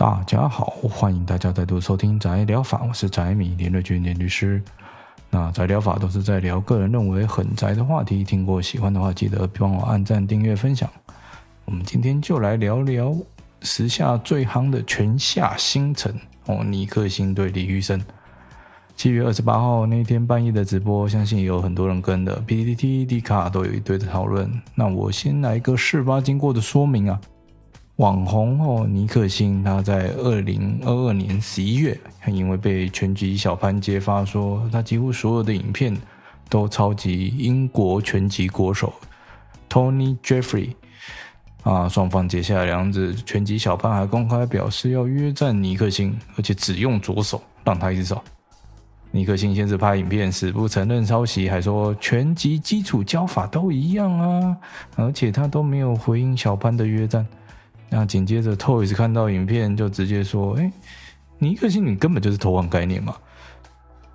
大家好，歡迎大家再度收聽宅聊法，我是宅米林瑞娟林律師。那宅聊法都是在聊個人認為很宅的話題，聽過喜歡的話，記得幫我按讚、訂閱、分享。我們今天就來聊聊時下最夯的拳下星城哦，尼克星對李育昇。七月二十八號那天半夜的直播，相信有很多人跟的 PTT、Dcard 都有一堆的討論。那我先來一個事發經過的說明啊。網紅哦，尼克星，他在二零二二年十一月，因為被拳擊小潘揭發，說他幾乎所有的影片都抄襲英國拳擊國手 Tony Jeffrey 啊，雙方結下梁子。拳擊小潘還公開表示，要約戰尼克星，而且只用左手，讓他一隻手。尼克星先是拍影片死不承認抄襲，還說拳擊基礎教法都一樣啊，而且他都沒有回應小潘的約戰。那緊接着，Toyz 看到影片就直接說：“誒、欸，尼克星，你根本就是偷換概念嘛！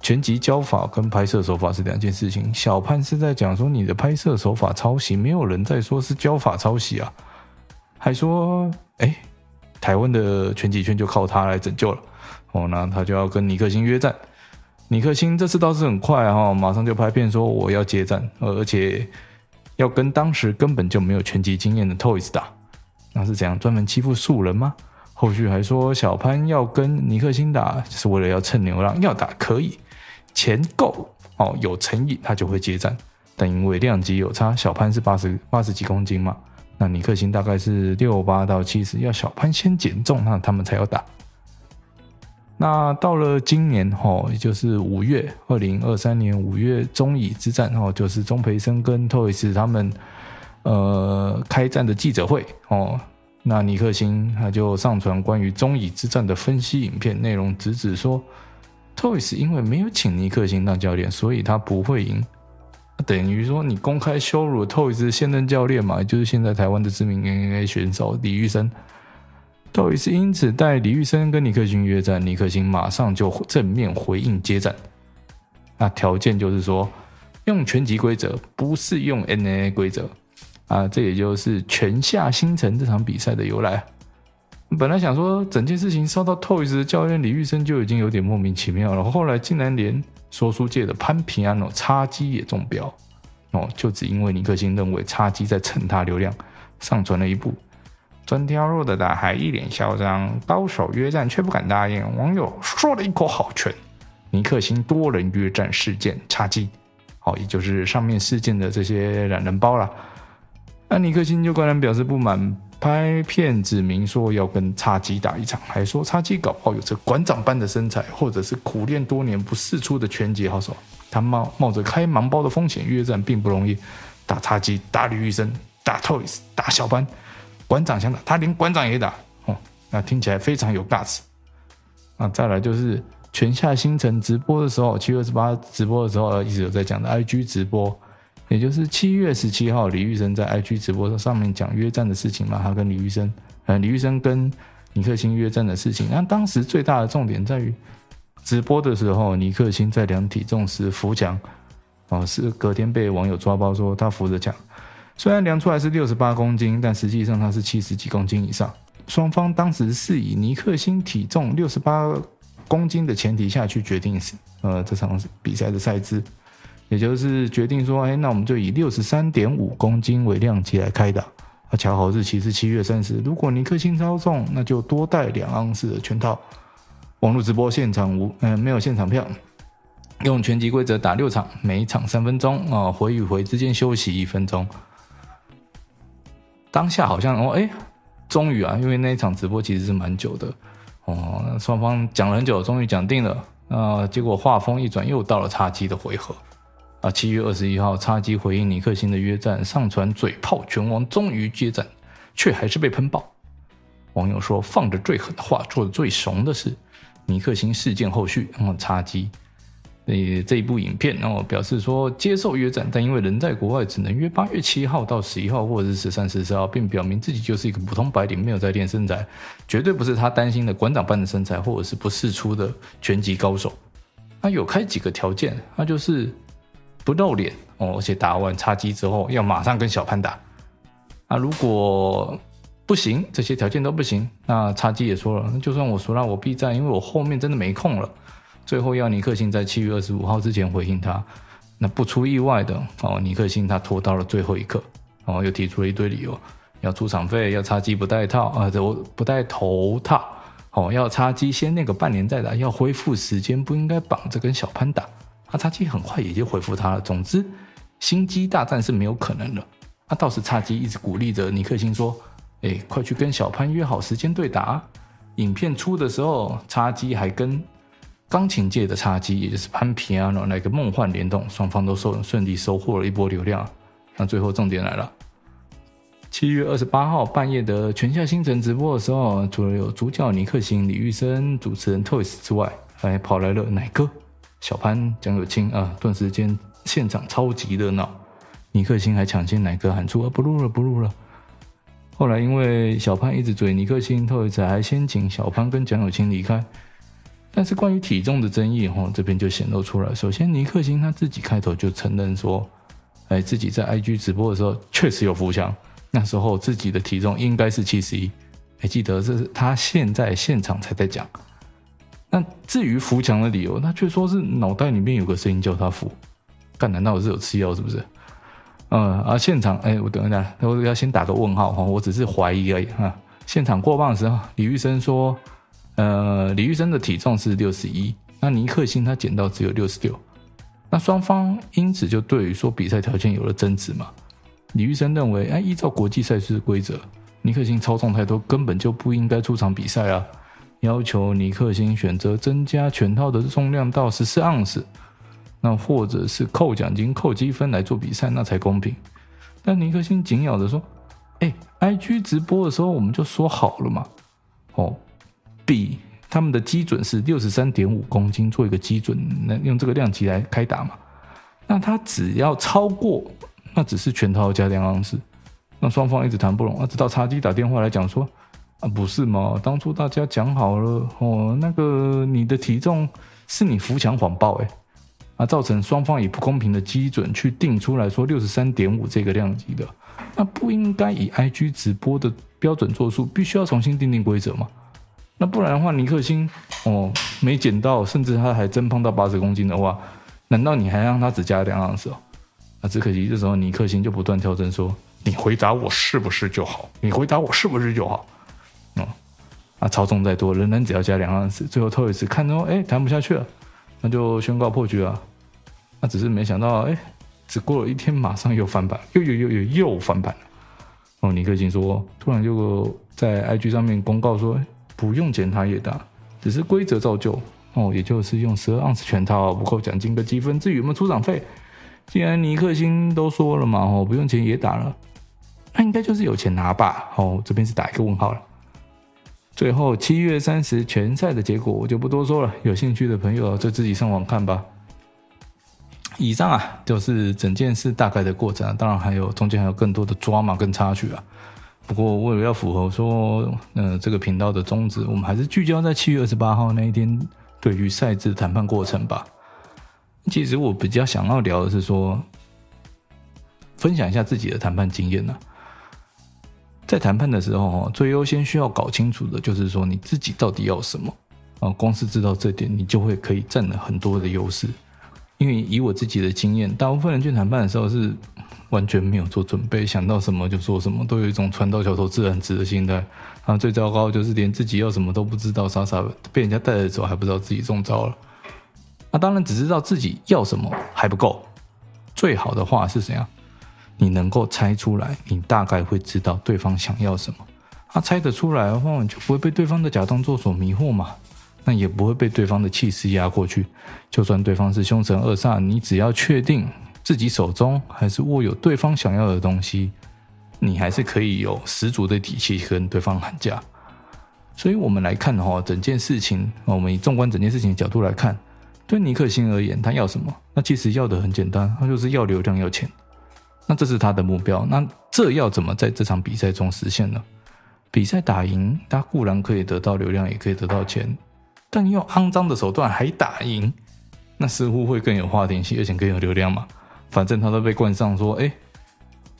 拳擊教法跟拍攝手法是兩件事情。”小潘是在講說你的拍攝手法抄襲，沒有人在說是教法抄襲啊，還說：“誒、欸，台灣的拳擊圈就靠他來拯救了。”哦，那他就要跟尼克星約戰。尼克星這次倒是很快哈、啊，馬上就拍片說我要接戰，而且要跟當時根本就沒有拳擊經驗的 Toyz 打。那是怎樣？專門欺負素人嗎？後續還說小潘要跟尼克星打，就是為了要蹭流量，要打可以，錢夠哦，有誠意他就會接戰，但因為量級有差，小潘是八十八十幾公斤嘛，那尼克星大概是六八到七十，要小潘先減重，那他們才要打。那到了今年哈，也就是五月二零二三年五月鍾椅之戰哈，就是鍾、就是、培生跟 Toyz 他們。呃，開戰的記者會哦，那尼克星他就上傳關於鍾椅之戰的分析影片，內容直指說，Toyz 因為沒有請尼克星當教練，所以他不會贏。啊、等於說，你公開羞辱 Toyz 現任教練嘛，就是現在台灣的知名 MMA 選手李育昇。Toyz 因此帶李育昇跟尼克星約戰，尼克星馬上就正面回應接戰，那條件就是說，用拳擊規則，不適用 MMA 規則。啊，這也就是《拳下星城》這場比賽的由來，啊。本來想說整件事情燒到 Toyz，教練李育昇就已經有點莫名其妙了。後來竟然連說書界的 Pan Piano 哦，叉雞也中標哦，就只因為尼克星認為叉雞在蹭他流量，上傳了一步，專挑弱的打，還一臉囂張，高手約戰卻不敢答應。網友說了一口好拳，尼克星多人約戰事件，叉雞，好、哦，也就是上面事件的這些懶人包了。安尼克星就公然表示不滿，拍片子明說要跟叉雞打一場，還說叉雞搞不好有著館長般的身材，或者是苦練多年不世出的拳擊好手。他冒冒着開盲包的風險約戰，並不容易打插。打叉雞，打李育昇，打 Toyz，打小潘，館長想打，他連館長也打。哦，那聽起來非常有 guts。那再來就是拳下星城直播的時候，七月二十八直播的時候，一直有在講的 IG 直播。也就是七月十七號，李育昇在 IG 直播上上面講約戰的事情嘛，他跟李育昇，呃，李育昇跟尼克星約戰的事情。那當時最大的重點在於，直播的時候尼克星在量體重時扶牆，哦，是隔天被網友抓包說他扶着牆，雖然量出來是六十八公斤，但實際上他是七十幾公斤以上。雙方當時是以尼克星體重六十八公斤的前提下去決定，呃，這場比賽的賽制。也就是決定說，哎，那我們就以六十三點五公斤為量級來開打，啊，恰好日期是七月三十。如果尼克星超重，那就多帶兩盎司的拳套。網絡直播現場無，嗯、呃，沒有現場票。用拳擊規則打六場，每一場三分鐘，啊、呃，回與回之間休息一分鐘。當下好像哦，哎、欸，終於啊，因為那一場直播其實是蠻久的，哦，雙方講了很久，終於講定了。啊、呃，結果話鋒一轉，又到了叉雞的回合。啊！七月二十一號，叉雞回應尼克星的約戰，上傳嘴炮拳王終於接戰，卻還是被噴爆。網友說：“放着最狠的話，做最慫的事。”尼克星事件後續，嗯，叉雞，你這一部影片，然後表示說接受約戰，但因為人在國外，只能約八月七號到十一號，或者是十三、十四號，並表明自己就是一個普通白領，沒有在練身材，絕對不是他擔心的館長般的身材，或者是不世出的拳擊高手。他有開幾個條件，那就是。不露臉哦，而且打完叉雞之後要馬上跟小潘打。啊，如果不行，這些條件都不行，那叉雞也說了，那就算我說讓我避戰，因為我後面真的沒空了。最後要尼克星在七月二十五號之前回應他。那不出意外的哦，尼克星他拖到了最後一刻，然後又提出了一堆理由，要出場費，要叉雞不帶套啊，不帶頭套，哦，要叉雞先練個半年再打，要恢復時間不應該綁着跟小潘打。叉雞很快也就回復他了。總之，心機大戰是沒有可能的。那倒是叉雞一直鼓勵着尼克星說：“哎、欸，快去跟小潘約好時間對打、啊。”影片出的時候，叉雞還跟鋼琴界的叉雞，也就是 Pan Piano，來個夢幻聯動，雙方都受順利收穫了一波流量。那最後重點來了，七月二十八號半夜的《拳下星城》直播的時候，除了有主角尼克星、李育昇、主持人 Toyz 之外，還跑來了奶哥。小潘、蔣友青，啊，頓時間現場超級熱鬧。尼克星還搶先來個喊出：“啊、不錄了，不錄了。”後來因為小潘一直追尼克星，特委仔還先請小潘跟蔣友青離開。但是關於體重的爭議，哈、哦，這邊就顯露出來。首先，尼克星他自己開頭就承認說：“哎，自己在 IG 直播的時候確實有浮腔，那時候自己的體重應該是七十一。”還記得這是他現在現場才在講。那至於扶牆的理由，他卻說是腦袋裡面有個聲音叫他扶。幹難道我是有吃藥是不是？嗯、啊，而現場哎、欸，我等一下，那我要先打個問號哈，我只是懷疑而已哈、啊。現場過磅的時候，李育昇說，呃，李育昇的體重是六十一，那尼克星他減到只有六十六。那雙方因此就對於說比賽條件有了爭執嘛。李育昇認為，哎、欸，依照國際賽事規則，尼克星超重太多，根本就不應該出場比賽啊。要求尼克星選擇增加拳套的重量到十四盎司，那或者是扣獎金、扣積分來做比賽，那才公平。但尼克星緊咬着說：“哎、欸，IG 直播的時候我們就說好了嘛，哦，比他們的基準是六十三點五公斤，做一個基準，那用這個量級來開打嘛。那他只要超過，那只是拳套加兩盎司，那雙方一直談不攏，那直到叉雞打電話來講說。”啊、不是嘛，當初大家講好了哦，那個你的體重是你扶牆謊報誒，啊，造成雙方以不公平的基準去定出來說六十三點五這個量級的，那不應該以 IG 直播的標準作數，必須要重新訂定規則嘛，那不然的話，尼克星哦沒減到，甚至他還增胖到八十公斤的話，難道你還讓他只加兩盎司哦啊，只可惜這時候尼克星就不斷跳針說：“你回答我是不是就好，你回答我是不是就好。”那超重再多，仍然只要加兩盎司，最後抽一次，看、欸、哦，哎，談不下去了，那就宣告破局了。那只是沒想到，哎、欸，只過了一天，馬上又翻版，又又又又又翻版了。哦，尼克星說，突然就在 IG 上面公告說，不用錢他也打，只是規則照舊。哦，也就是用十二盎司全套不扣獎金跟積分，至於有沒有出場費，既然尼克星都說了嘛，哦，不用錢也打了，那應該就是有錢拿吧。哦，這邊是打一個問號了。最後七月三十拳賽的結果我就不多說了，有興趣的朋友就自己上網看吧。以上啊，就是整件事大概的過程啊，當然還有中間還有更多的抓馬跟插曲啊。不過為了要符合說，呃，這個頻道的宗旨，我們還是聚焦在七月二十八號那一天對於賽制談判過程吧。其實我比較想要聊的是說，分享一下自己的談判經驗呢啊。在談判的時候，哈，最優先需要搞清楚的就是說你自己到底要什麼啊。光是知道這點，你就會可以占了很多的優勢。因為以我自己的經驗，大部分人去談判的時候是完全沒有做準備，想到什麼就做什麼，都有一種船到橋頭自然直的心態啊。最糟糕就是連自己要什麼都不知道，傻傻的被人家帶着走，還不知道自己中招了。那、啊、當然，只知道自己要什麼還不夠，最好的話是怎樣？你能夠猜出來，你大概會知道對方想要什麼。他、啊、猜得出來的話，你就不會被對方的假動作所迷惑嘛。那也不會被對方的氣勢壓過去。就算對方是凶神惡煞，你只要確定自己手中還是握有對方想要的東西，你還是可以有十足的底氣跟對方喊價。所以，我們來看的、哦、整件事情，我們以縱觀整件事情的角度來看，對尼克星而言，他要什麼？那其實要的很簡單，他就是要流量，要錢。那這是他的目標，那這要怎麼在這場比賽中實現呢？比賽打贏，他固然可以得到流量，也可以得到錢，但用骯髒的手段還打贏，那似乎會更有話題性，而且更有流量嘛。反正他都被冠上說“誒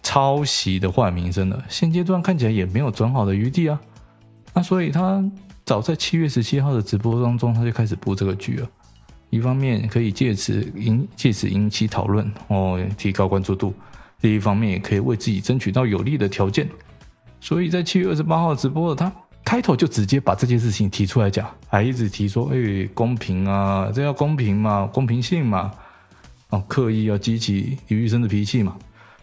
抄襲”的壞名聲了，現階段看起來也沒有轉好的餘地啊。那所以他早在七月十七號的直播當中，他就開始播這個劇布這個局了。一方面可以借此引借此引起討論哦，提高關注度。另一方面，也可以為自己爭取到有利的條件。所以在七月二十八號直播的他，開頭就直接把這件事情提出來講，還一直提說：“哎、欸，公平啊，這要公平嘛，公平性嘛。啊”哦，刻意要激起李育昇的脾氣嘛，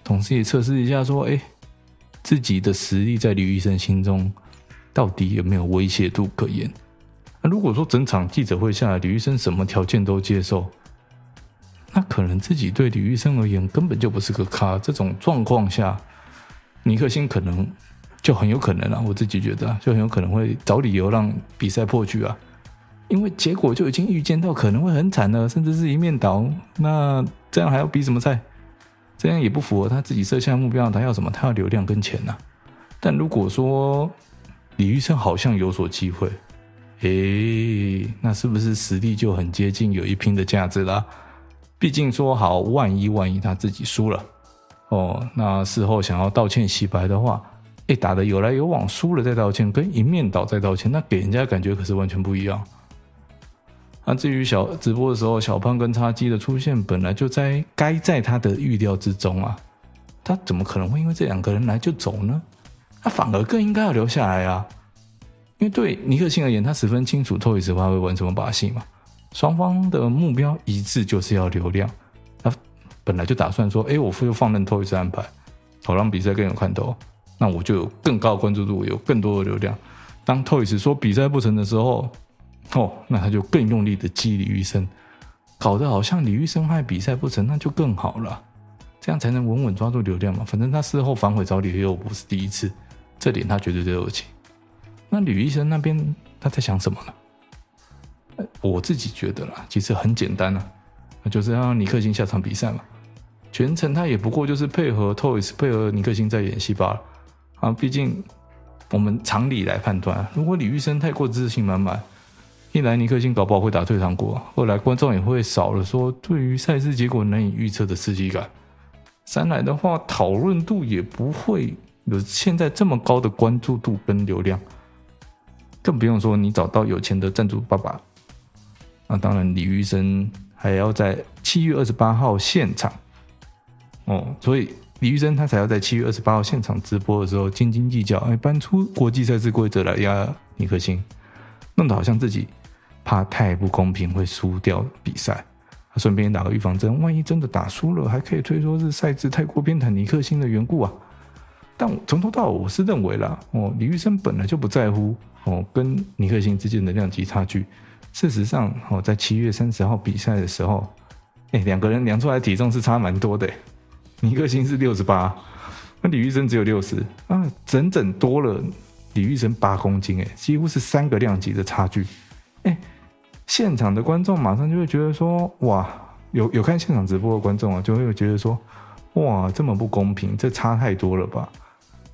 同時也測試一下，說：“哎、欸，自己的實力在李育昇心中到底有沒有威脅度可言？”那、啊、如果說整場記者會下來，李育昇什麼條件都接受。那可能自己對李育昇而言根本就不是個咖，這種狀況下，尼克星可能就很有可能啊，我自己覺得、啊、就很有可能會找理由讓比賽破局啊，因為結果就已經預見到可能會很慘了，甚至是一面倒，那這樣還要比什麼賽？這樣也不符合他自己設下的目標，他要什麼？他要流量跟錢啊。但如果說李育昇好像有所機會，誒，那是不是實力就很接近，有一拼的價值啦？畢竟說好，萬一萬一他自己輸了，哦，那事後想要道歉洗白的話，哎，打得有來有往，輸了再道歉，跟一面倒再道歉，那給人家感覺可是完全不一樣。那、啊、至於小直播的時候，小潘跟叉雞的出現，本來就在該在他的預料之中啊，他怎麼可能會因為這兩個人來就走呢？他反而更應該要留下來啊，因為對尼克星而言，他十分清楚 Toyz 會玩什麼把戲嘛。雙方的目標一致，就是要流量。他本來就打算說：“誒、欸，我又放任 Toyz 安排，好讓比賽更有看頭，那我就有更高的關注度，有更多的流量。”當 Toyz 說比賽不成的時候，哦，那他就更用力的激李育昇，搞得好像李育昇害比賽不成，那就更好了，這樣才能穩穩抓住流量嘛。反正他事後反悔找理由不是第一次，這點他絕對對不起。那李育昇那邊他在想什麼呢？我自己覺得啦，其實很簡單吶、啊，就是讓尼克星下場比賽嘛。全程他也不過就是配合 Toyz 配合尼克星在演戲罷了。啊，畢竟我們常理來判斷，如果李育昇太過自信滿滿，一來尼克星搞不好會打退堂鼓，二來觀眾也會少了說對於賽事結果難以預測的刺激感；三來的話，討論度也不會有現在這麼高的關注度跟流量，更不用說你找到有錢的贊助爸爸。那、啊、當然，李育昇還要在七月二十八號現場哦，所以李育昇他才要在七月二十八號現場直播的時候斤斤計較，哎，搬出國際賽事規則來壓尼克星，弄得好像自己怕太不公平會輸掉比賽，啊，順便打個預防針，萬一真的打輸了，還可以推說是賽制太過偏袒尼克星的緣故啊。但我從頭到尾，我是認為啦，哦，李育昇本來就不在乎哦，跟尼克星之間的量級差距。事實上，哦，在七月三十號比賽的時候，哎，兩個人量出來的體重是差蠻多的誒。尼克星是六十八，李育昇只有六十，啊，整整多了李育昇八公斤，哎，幾乎是三個量級的差距。哎，現場的觀眾馬上就會覺得說，哇，有有看現場直播的觀眾啊，就會覺得說，哇，這麼不公平，這差太多了吧？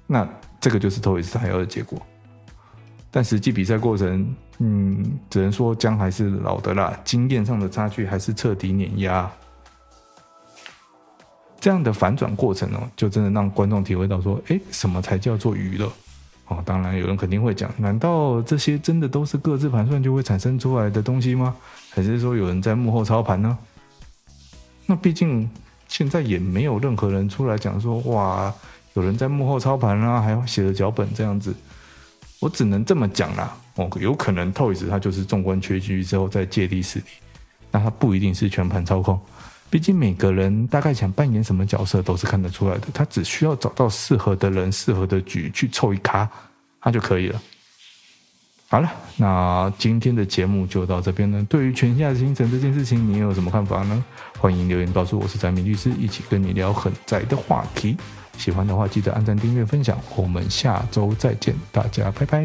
那這個就是頭一次還要的結果。但實際比賽過程，嗯，只能說薑還是老的辣，經驗上的差距還是徹底碾壓。這樣的反轉過程哦，就真的讓觀眾體會到說，誒，什麼才叫做娛樂？哦，當然有人肯定會講，難道這些真的都是各自盤算就會產生出來的東西嗎？還是說有人在幕後操盤呢？那畢竟現在也沒有任何人出來講說，哇，有人在幕後操盤啊，還寫了腳本這樣子。我只能這麼講啦，哦，有可能 Toyz 他就是縱觀全局之後再借力使力，那他不一定是全盤操控，畢竟每個人大概想扮演什麼角色都是看得出來的，他只需要找到適合的人、適合的局去湊一咖，他就可以了。好了，那今天的節目就到這邊呢。對於《拳下星城》這件事情，你有什麼看法呢？歡迎留言告訴我，是宅米律師，一起跟你聊很宅的話題。喜歡的話，記得按讚、訂閱、分享。我們下周再見，大家拜拜。